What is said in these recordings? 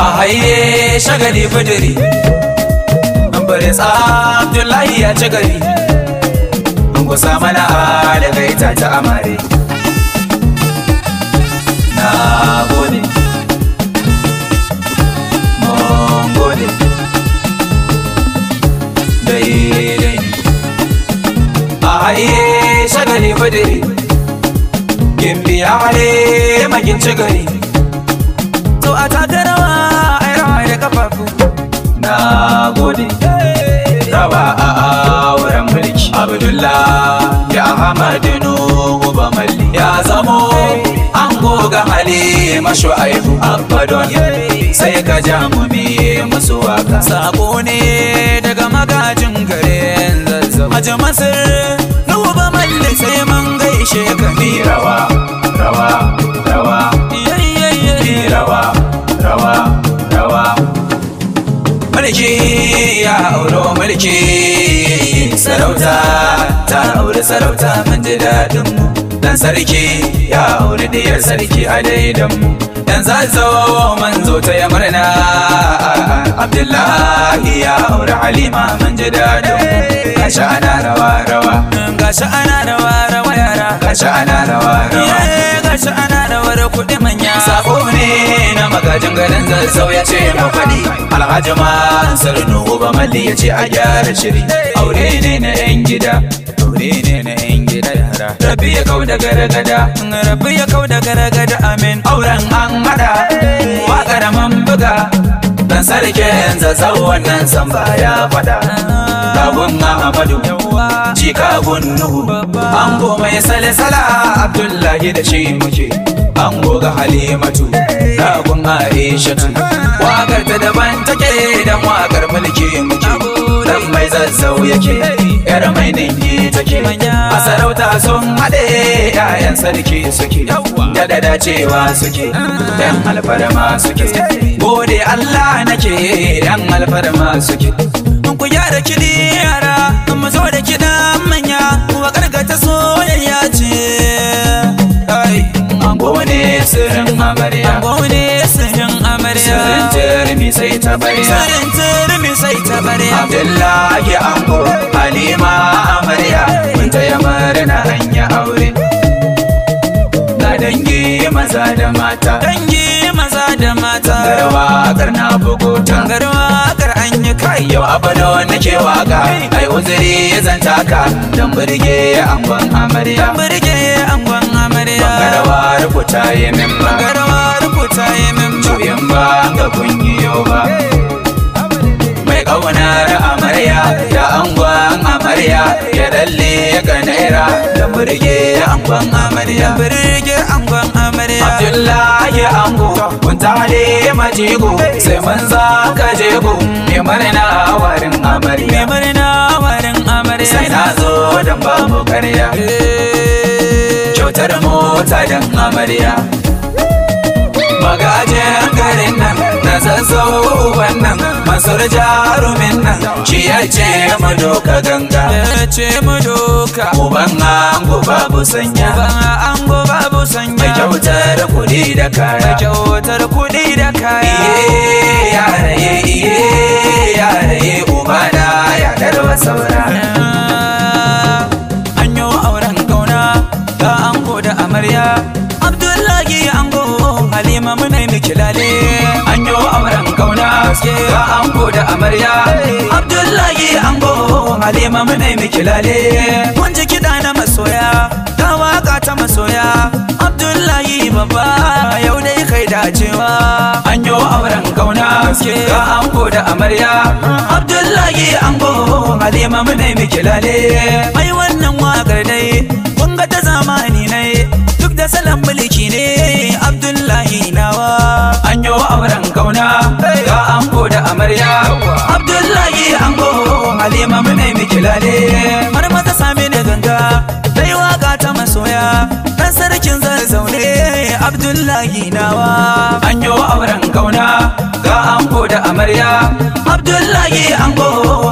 a haye shagali budiri Ambaris Abdullahi ya ci gari Gusa mana daga ita ta amare Na gode Mun gode Daidai A haye shagali budiri Gimbiya wale magin ci gari kafafu na gode rawa a auren mulki abdullah ya hamadu nuhu ya zamo an goga hali mashu aihu abadon sai ka ja mu musu waka sako ne daga magajin garin yanzu a ya auro mulki sarauta ta auri sarauta mun ji daɗin mu dan sarki ya auri diyar sarki a daidan mu dan zazo zo ta ya murna abdullahi ya auri halima mun ji daɗin mu gashi ana rawa rawa gashi ana rawa rawa yara gashi ana rawa rawa gashi ana rawa kuɗi manya Sabo ne na magana sau ya ce ma faɗi alhaji mansur nuhu ba malli ya ce a gyara shiri aure ne na yan gida aure ne na yan gida yara rabi ya kau da gargada rabi ya kau da gargada amin auren an hada waƙar man buga dan sarkin zazzau wannan san ba ya faɗa Babun Ahmadu Jika Nuhu Ango mai sale-sala Abdullahi da shi muke Ango ga Halimatu Aisha wakar ta daban take dan wakar mulkin muke dan mai zazzau yake yar mai ningi take a sarauta sun haɗe ƴaƴan sarki suke da da dacewa suke dan alfarma suke gode Allah nake dan alfarma suke ku gyara kiɗi yara mu zo da kiɗan manya ki ango halima amarya mun taya murna hanya aure ga dangi maza da mata dangi maza da mata garwa karna na bugota garwa kar an yi kai yau abado ke waka ai uzuri ya zanta ka dan burge angon amarya dan burge angon amarya garwa rubuta yemin ba garwa rubuta yemin ba ga kungiyo ba ka naira da burge angon amarya burge angon amarya abdullahi ango kun tare majigo sai mun za ka je go me warin amarya me murna warin amarya sai na zo dan karya kyautar mota dan amarya magajen garin nan na zazzau wannan masar jarumin nan ci ya ce ganga ya ce madoka doka uban ango babu sanya uban ango babu sanya mai kyautar kuɗi da kaya mai kyautar kuɗi da kaya iye ya yare iye ya yare uba da ya saura haske ga ango da amarya abdullahi ango halima mu ne miki lale mun ji kida na masoya ta waka ta masoya abdullahi baba yau dai kai dacewa an yo auren kauna haske ga ango da amarya abdullahi ango halima mu ne miki lale ai wannan wakar dai kun ga ta zamani ne da salon mulki ne Abdullahi nawa an yi wa auren kauna ga ango da amarya Abdullahi ango halima mune miki lale har mata same ni ganga dai waka ta masoya dan sarkin zan zaune Abdullahi nawa an yi wa auren kauna ga ango da amarya Abdullahi ango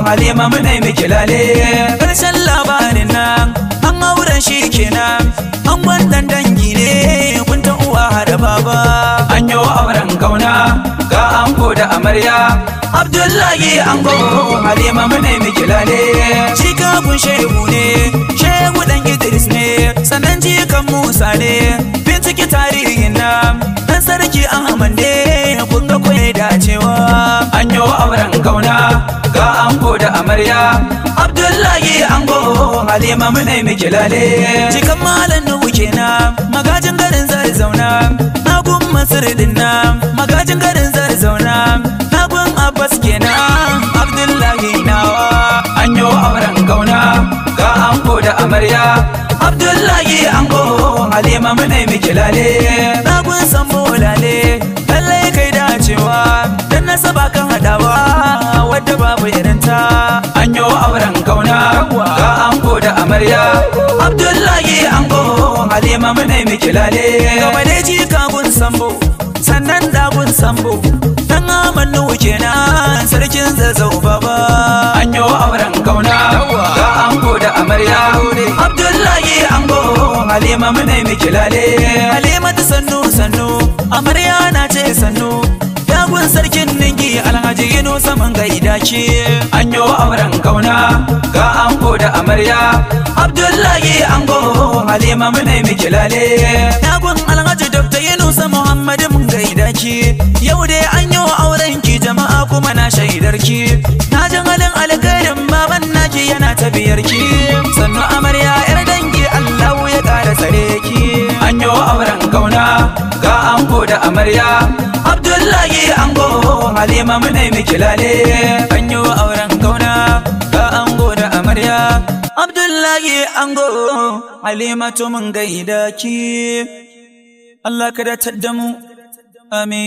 halima mune miki lale karshen labarin nan an auren shi kenan wannan dangi ne kun ta uwa da baba an yi wa auren gauna ga ango da amarya abdullahi ango halima mune mikilale cika kun shehu ne shehu dan idris ne sannan jikan musa ne bincike tarihin na dan sarki ahmad ne kun ga kwaye dacewa an yi wa auren gauna ango da amarya abdullahi ango halima mune miki lale malan malam nuhu kenan magajin garin zai zauna Na gun masar dinna magajin garin zai zauna Na gun abbas kenan abdullahi nawa an yi auren gauna ga ango da amarya abdullahi ango halima mune miki lale amarya abdullahi ango halima mu ne miki lale gaba dai ji kagun sambo sannan dagun sambo dan amannu kenan sarkin zazzau baba an yi auren kauna ga ango da amarya abdullahi ango halima mu ne miki lale halima ta sannu sannu amarya na ce sannu dagun sarkin ningi alhaji yino saman gaida ce an yi auren kauna ango da amarya abdullahi ango halima mune miki lale nagun alhaji dr yunusa muhammad mun gaida ki yau dai an yi wa auren ki jama'a kuma na shaidar ki na jin halin alkhairin baban naki yana ta ki sannu amarya yar dangi allahu ya kara tsare ki an yi wa auren kauna ga ango da amarya abdullahi ango halima mune miki lale an yi wa ango halimatu mun gaida ki Allah ka datar da mu amin